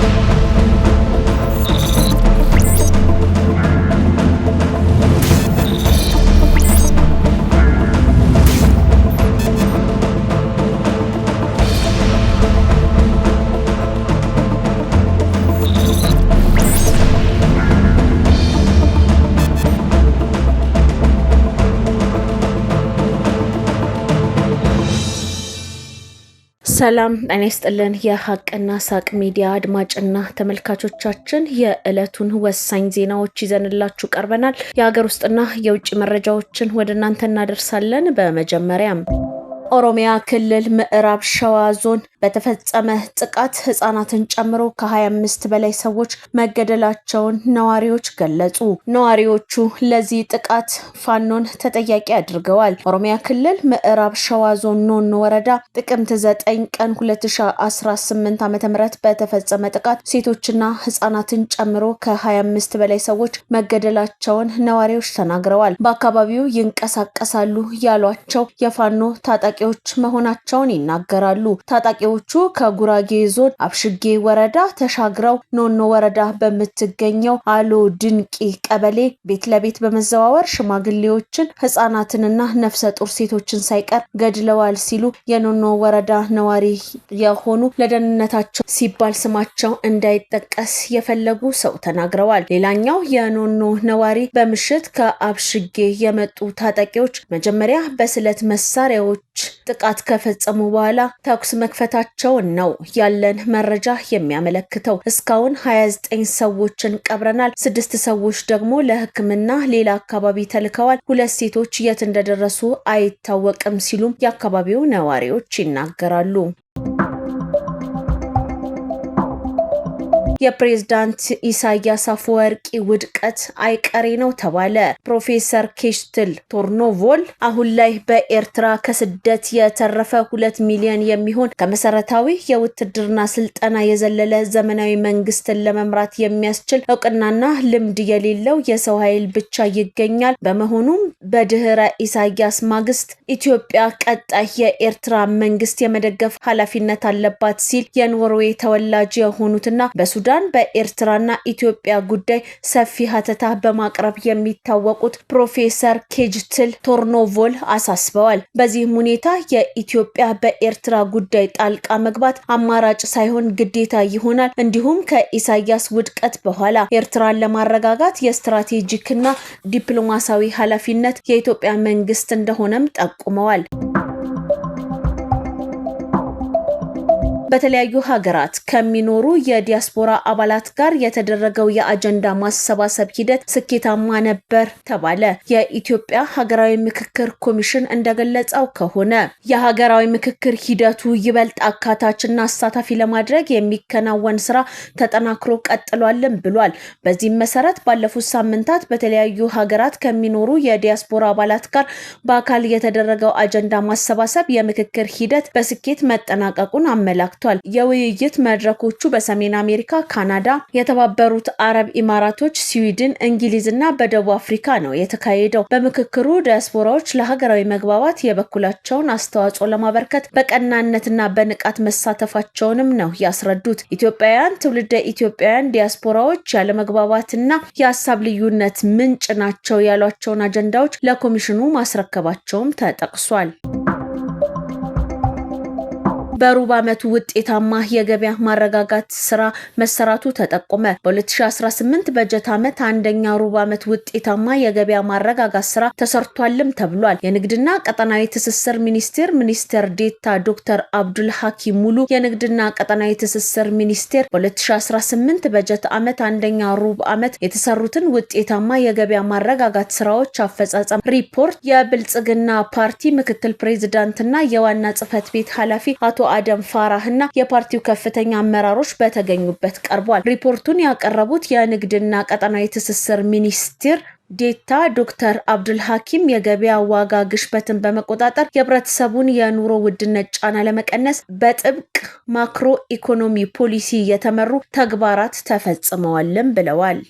Thank you. ሰላም ጤና ይስጥልን። የሀቅና ሳቅ ሚዲያ አድማጭና ተመልካቾቻችን የዕለቱን ወሳኝ ዜናዎች ይዘንላችሁ ቀርበናል። የሀገር ውስጥና የውጭ መረጃዎችን ወደ እናንተ እናደርሳለን። በመጀመሪያም ኦሮሚያ ክልል ምዕራብ ሸዋ ዞን በተፈጸመ ጥቃት ህጻናትን ጨምሮ ከ25 በላይ ሰዎች መገደላቸውን ነዋሪዎች ገለጹ። ነዋሪዎቹ ለዚህ ጥቃት ፋኖን ተጠያቂ አድርገዋል። ኦሮሚያ ክልል ምዕራብ ሸዋ ዞን ኖኖ ወረዳ ጥቅምት 9 ቀን 2018 ዓ ም በተፈጸመ ጥቃት ሴቶችና ህጻናትን ጨምሮ ከ25 በላይ ሰዎች መገደላቸውን ነዋሪዎች ተናግረዋል። በአካባቢው ይንቀሳቀሳሉ ያሏቸው የፋኖ ታጣቂ ታጣቂዎች መሆናቸውን ይናገራሉ። ታጣቂዎቹ ከጉራጌ ዞን አብሽጌ ወረዳ ተሻግረው ኖኖ ወረዳ በምትገኘው አሎ ድንቂ ቀበሌ ቤት ለቤት በመዘዋወር ሽማግሌዎችን፣ ህጻናትንና ነፍሰ ጡር ሴቶችን ሳይቀር ገድለዋል ሲሉ የኖኖ ወረዳ ነዋሪ የሆኑ ለደህንነታቸው ሲባል ስማቸው እንዳይጠቀስ የፈለጉ ሰው ተናግረዋል። ሌላኛው የኖኖ ነዋሪ በምሽት ከአብሽጌ የመጡ ታጣቂዎች መጀመሪያ በስለት መሳሪያዎች ጥቃት ከፈጸሙ በኋላ ተኩስ መክፈታቸውን ነው ያለን መረጃ የሚያመለክተው። እስካሁን 29 ሰዎችን ቀብረናል። ስድስት ሰዎች ደግሞ ለሕክምና ሌላ አካባቢ ተልከዋል። ሁለት ሴቶች የት እንደደረሱ አይታወቅም ሲሉም የአካባቢው ነዋሪዎች ይናገራሉ። የፕሬዝዳንት ኢሳያስ አፈወርቂ ውድቀት አይቀሬ ነው ተባለ። ፕሮፌሰር ኬስትል ቶርኖቮል አሁን ላይ በኤርትራ ከስደት የተረፈ ሁለት ሚሊዮን የሚሆን ከመሰረታዊ የውትድርና ስልጠና የዘለለ ዘመናዊ መንግስትን ለመምራት የሚያስችል እውቅናና ልምድ የሌለው የሰው ኃይል ብቻ ይገኛል። በመሆኑም በድህረ ኢሳያስ ማግስት ኢትዮጵያ ቀጣይ የኤርትራ መንግስት የመደገፍ ኃላፊነት አለባት ሲል የኖርዌይ ተወላጅ የሆኑትና በሱዳን ሱዳን በኤርትራና ኢትዮጵያ ጉዳይ ሰፊ ሀተታ በማቅረብ የሚታወቁት ፕሮፌሰር ኬጅትል ቶርኖቮል አሳስበዋል። በዚህም ሁኔታ የኢትዮጵያ በኤርትራ ጉዳይ ጣልቃ መግባት አማራጭ ሳይሆን ግዴታ ይሆናል። እንዲሁም ከኢሳያስ ውድቀት በኋላ ኤርትራን ለማረጋጋት የስትራቴጂክና ዲፕሎማሲያዊ ኃላፊነት የኢትዮጵያ መንግስት እንደሆነም ጠቁመዋል። በተለያዩ ሀገራት ከሚኖሩ የዲያስፖራ አባላት ጋር የተደረገው የአጀንዳ ማሰባሰብ ሂደት ስኬታማ ነበር ተባለ። የኢትዮጵያ ሀገራዊ ምክክር ኮሚሽን እንደገለጸው ከሆነ የሀገራዊ ምክክር ሂደቱ ይበልጥ አካታችና አሳታፊ ለማድረግ የሚከናወን ስራ ተጠናክሮ ቀጥሏልም ብሏል። በዚህም መሰረት ባለፉት ሳምንታት በተለያዩ ሀገራት ከሚኖሩ የዲያስፖራ አባላት ጋር በአካል የተደረገው አጀንዳ ማሰባሰብ የምክክር ሂደት በስኬት መጠናቀቁን አመላክቷል። ተመላክቷል። የውይይት መድረኮቹ በሰሜን አሜሪካ፣ ካናዳ፣ የተባበሩት አረብ ኢማራቶች፣ ስዊድን፣ እና በደቡብ አፍሪካ ነው የተካሄደው። በምክክሩ ዲያስፖራዎች ለሀገራዊ መግባባት የበኩላቸውን አስተዋጽኦ ለማበርከት በቀናነትና በንቃት መሳተፋቸውንም ነው ያስረዱት። ኢትዮጵያውያን ትውልደ ኢትዮጵያውያን ዲያስፖራዎች ያለመግባባትና የሀሳብ ልዩነት ምንጭ ናቸው ያሏቸውን አጀንዳዎች ለኮሚሽኑ ማስረከባቸውም ተጠቅሷል። በሩብ ዓመቱ ውጤታማ የገበያ ማረጋጋት ስራ መሰራቱ ተጠቆመ። በ2018 በጀት ዓመት አንደኛ ሩብ ዓመት ውጤታማ የገበያ ማረጋጋት ስራ ተሰርቷልም ተብሏል። የንግድና ቀጠናዊ ትስስር ሚኒስቴር ሚኒስትር ዴታ ዶክተር አብዱል ሐኪም ሙሉ የንግድና ቀጠናዊ ትስስር ሚኒስቴር በ2018 በጀት ዓመት አንደኛ ሩብ ዓመት የተሰሩትን ውጤታማ የገበያ ማረጋጋት ስራዎች አፈጻጸም ሪፖርት የብልጽግና ፓርቲ ምክትል ፕሬዚዳንትና የዋና ጽህፈት ቤት ኃላፊ አቶ አደም ፋራህ እና የፓርቲው ከፍተኛ አመራሮች በተገኙበት ቀርቧል። ሪፖርቱን ያቀረቡት የንግድና ቀጠናዊ ትስስር ሚኒስቴር ዴታ ዶክተር አብዱል ሐኪም የገበያ ዋጋ ግሽበትን በመቆጣጠር የህብረተሰቡን የኑሮ ውድነት ጫና ለመቀነስ በጥብቅ ማክሮ ኢኮኖሚ ፖሊሲ የተመሩ ተግባራት ተፈጽመዋልም ብለዋል።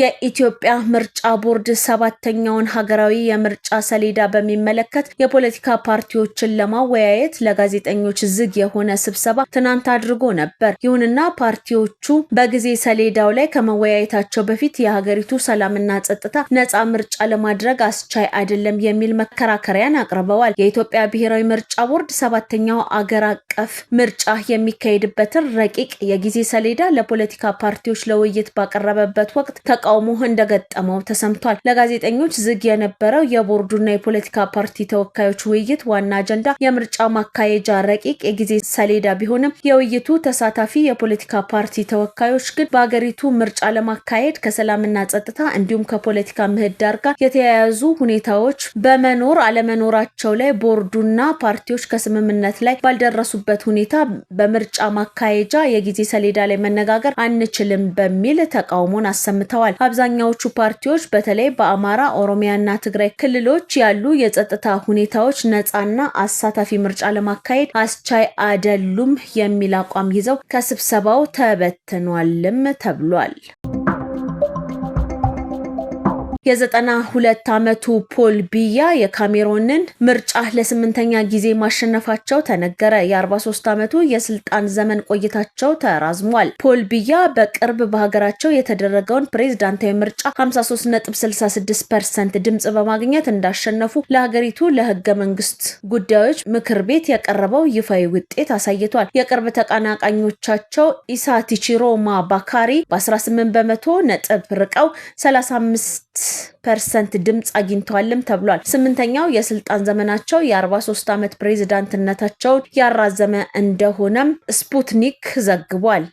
የኢትዮጵያ ምርጫ ቦርድ ሰባተኛውን ሀገራዊ የምርጫ ሰሌዳ በሚመለከት የፖለቲካ ፓርቲዎችን ለማወያየት ለጋዜጠኞች ዝግ የሆነ ስብሰባ ትናንት አድርጎ ነበር። ይሁንና ፓርቲዎቹ በጊዜ ሰሌዳው ላይ ከመወያየታቸው በፊት የሀገሪቱ ሰላምና ጸጥታ ነጻ ምርጫ ለማድረግ አስቻይ አይደለም የሚል መከራከሪያን አቅርበዋል። የኢትዮጵያ ብሔራዊ ምርጫ ቦርድ ሰባተኛው አገር አቀፍ ምርጫ የሚካሄድበትን ረቂቅ የጊዜ ሰሌዳ ለፖለቲካ ፓርቲዎች ለውይይት ባቀረበበት ወቅት ተቃ ተቃውሞ እንደገጠመው ተሰምቷል። ለጋዜጠኞች ዝግ የነበረው የቦርዱና የፖለቲካ ፓርቲ ተወካዮች ውይይት ዋና አጀንዳ የምርጫ ማካሄጃ ረቂቅ የጊዜ ሰሌዳ ቢሆንም የውይይቱ ተሳታፊ የፖለቲካ ፓርቲ ተወካዮች ግን በሀገሪቱ ምርጫ ለማካሄድ ከሰላምና ጸጥታ እንዲሁም ከፖለቲካ ምህዳር ጋር የተያያዙ ሁኔታዎች በመኖር አለመኖራቸው ላይ ቦርዱና ፓርቲዎች ከስምምነት ላይ ባልደረሱበት ሁኔታ በምርጫ ማካሄጃ የጊዜ ሰሌዳ ላይ መነጋገር አንችልም በሚል ተቃውሞን አሰምተዋል። አብዛኛዎቹ ፓርቲዎች በተለይ በአማራ፣ ኦሮሚያና ትግራይ ክልሎች ያሉ የጸጥታ ሁኔታዎች ነጻና አሳታፊ ምርጫ ለማካሄድ አስቻይ አይደሉም የሚል አቋም ይዘው ከስብሰባው ተበትኗልም ተብሏል። የዘጠና ሁለት ዓመቱ ፖል ቢያ የካሜሮንን ምርጫ ለስምንተኛ ጊዜ ማሸነፋቸው ተነገረ። የ43 ዓመቱ የስልጣን ዘመን ቆይታቸው ተራዝሟል። ፖል ቢያ በቅርብ በሀገራቸው የተደረገውን ፕሬዝዳንታዊ ምርጫ 53.66 ፐርሰንት ድምፅ በማግኘት እንዳሸነፉ ለሀገሪቱ ለህገ መንግስት ጉዳዮች ምክር ቤት የቀረበው ይፋዊ ውጤት አሳይቷል። የቅርብ ተቀናቃኞቻቸው ኢሳ ቲቺሮማ ባካሪ በ18 በመቶ ነጥብ ርቀው 35 ፐርሰንት ድምፅ አግኝተዋልም ተብሏል። ስምንተኛው የስልጣን ዘመናቸው የ43 ዓመት ፕሬዚዳንትነታቸውን ያራዘመ እንደሆነም ስፑትኒክ ዘግቧል።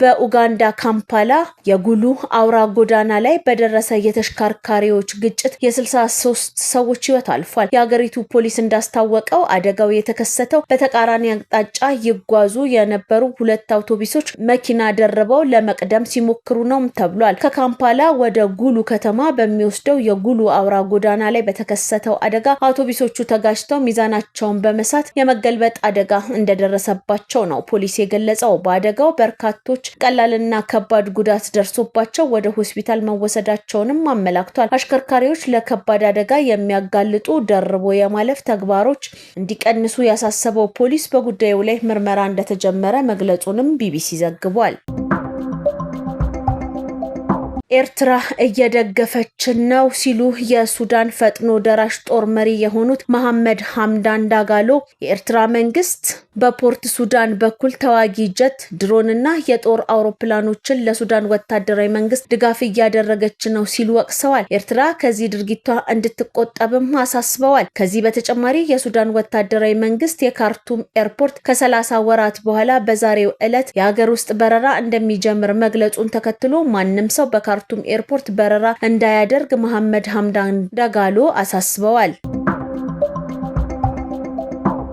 በኡጋንዳ ካምፓላ የጉሉ አውራ ጎዳና ላይ በደረሰ የተሽከርካሪዎች ግጭት የ63 ሰዎች ህይወት አልፏል። የሀገሪቱ ፖሊስ እንዳስታወቀው አደጋው የተከሰተው በተቃራኒ አቅጣጫ ይጓዙ የነበሩ ሁለት አውቶቡሶች መኪና ደርበው ለመቅደም ሲሞክሩ ነውም ተብሏል። ከካምፓላ ወደ ጉሉ ከተማ በሚወስደው የጉሉ አውራ ጎዳና ላይ በተከሰተው አደጋ አውቶቡሶቹ ተጋጅተው ሚዛናቸውን በመሳት የመገልበጥ አደጋ እንደደረሰባቸው ነው ፖሊስ የገለጸው። በአደጋው በርካቶች ቀላልና ከባድ ጉዳት ደርሶባቸው ወደ ሆስፒታል መወሰዳቸውንም አመላክቷል። አሽከርካሪዎች ለከባድ አደጋ የሚያጋልጡ ደርቦ የማለፍ ተግባሮች እንዲቀንሱ ያሳሰበው ፖሊስ በጉዳዩ ላይ ምርመራ እንደተጀመረ መግለጹንም ቢቢሲ ዘግቧል። ኤርትራ እየደገፈችን ነው ሲሉ የሱዳን ፈጥኖ ደራሽ ጦር መሪ የሆኑት መሐመድ ሐምዳን ዳጋሎ የኤርትራ መንግስት በፖርት ሱዳን በኩል ተዋጊ ጀት፣ ድሮንና የጦር አውሮፕላኖችን ለሱዳን ወታደራዊ መንግስት ድጋፍ እያደረገች ነው ሲሉ ወቅሰዋል። ኤርትራ ከዚህ ድርጊቷ እንድትቆጠብም አሳስበዋል። ከዚህ በተጨማሪ የሱዳን ወታደራዊ መንግስት የካርቱም ኤርፖርት ከሰላሳ ወራት በኋላ በዛሬው ዕለት የሀገር ውስጥ በረራ እንደሚጀምር መግለጹን ተከትሎ ማንም ሰው በካርቱም ኤርፖርት በረራ እንዳያደርግ መሐመድ ሀምዳን ደጋሎ አሳስበዋል።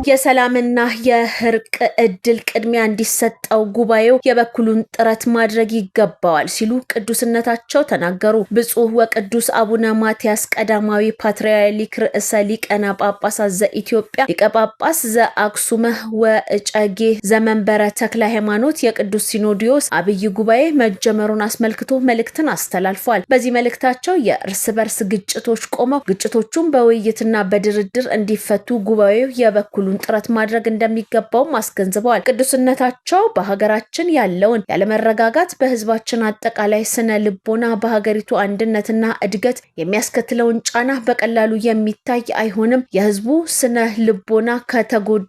የሰላምና የእርቅ እድል ቅድሚያ እንዲሰጠው ጉባኤው የበኩሉን ጥረት ማድረግ ይገባዋል ሲሉ ቅዱስነታቸው ተናገሩ። ብፁዕ ወቅዱስ አቡነ ማትያስ ቀዳማዊ ፓትርያርክ ርዕሰ ሊቃነ ጳጳሳት ዘኢትዮጵያ ሊቀ ጳጳስ ዘአክሱመ ወእጨጌ ዘመንበረ ተክለ ሃይማኖት የቅዱስ ሲኖዲዮስ አብይ ጉባኤ መጀመሩን አስመልክቶ መልእክትን አስተላልፏል። በዚህ መልእክታቸው የእርስ በርስ ግጭቶች ቆመው ግጭቶቹን በውይይትና በድርድር እንዲፈቱ ጉባኤው የበኩሉን ጥረት ማድረግ እንደሚገባውም አስገንዝበዋል። ቅዱስነታቸው በሀገራችን ያለውን ያለመረጋጋት በህዝባችን አጠቃላይ ስነ ልቦና፣ በሀገሪቱ አንድነትና እድገት የሚያስከትለውን ጫና በቀላሉ የሚታይ አይሆንም። የህዝቡ ስነ ልቦና ከተጎዳ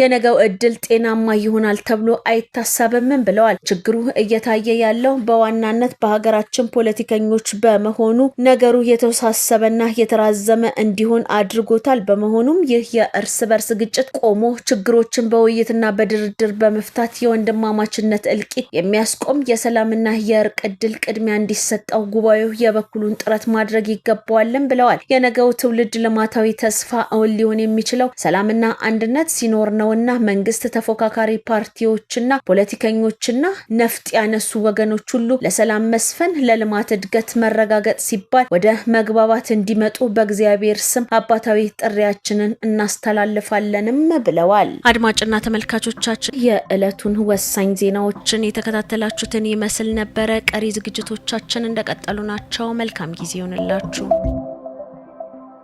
የነገው እድል ጤናማ ይሆናል ተብሎ አይታሰብምም ብለዋል። ችግሩ እየታየ ያለው በዋናነት በሀገራችን ፖለቲከኞች በመሆኑ ነገሩ የተወሳሰበና የተራዘመ እንዲሆን አድርጎታል። በመሆኑም ይህ የእርስ በርስ ግጭት ግጭት ቆሞ ችግሮችን በውይይትና በድርድር በመፍታት የወንድማማችነት እልቂት የሚያስቆም የሰላምና የእርቅ እድል ቅድሚያ እንዲሰጠው ጉባኤው የበኩሉን ጥረት ማድረግ ይገባዋልን ብለዋል። የነገው ትውልድ ልማታዊ ተስፋ እውን ሊሆን የሚችለው ሰላምና አንድነት ሲኖር ነውና መንግስት ተፎካካሪ ፓርቲዎችና ፖለቲከኞችና ነፍጥ ያነሱ ወገኖች ሁሉ ለሰላም መስፈን ለልማት እድገት መረጋገጥ ሲባል ወደ መግባባት እንዲመጡ በእግዚአብሔር ስም አባታዊ ጥሪያችንን እናስተላልፋለንም ጀምረናልም ብለዋል። አድማጭና ተመልካቾቻችን የዕለቱን ወሳኝ ዜናዎችን የተከታተላችሁትን ይመስል ነበረ። ቀሪ ዝግጅቶቻችን እንደቀጠሉ ናቸው። መልካም ጊዜ ይሆንላችሁ።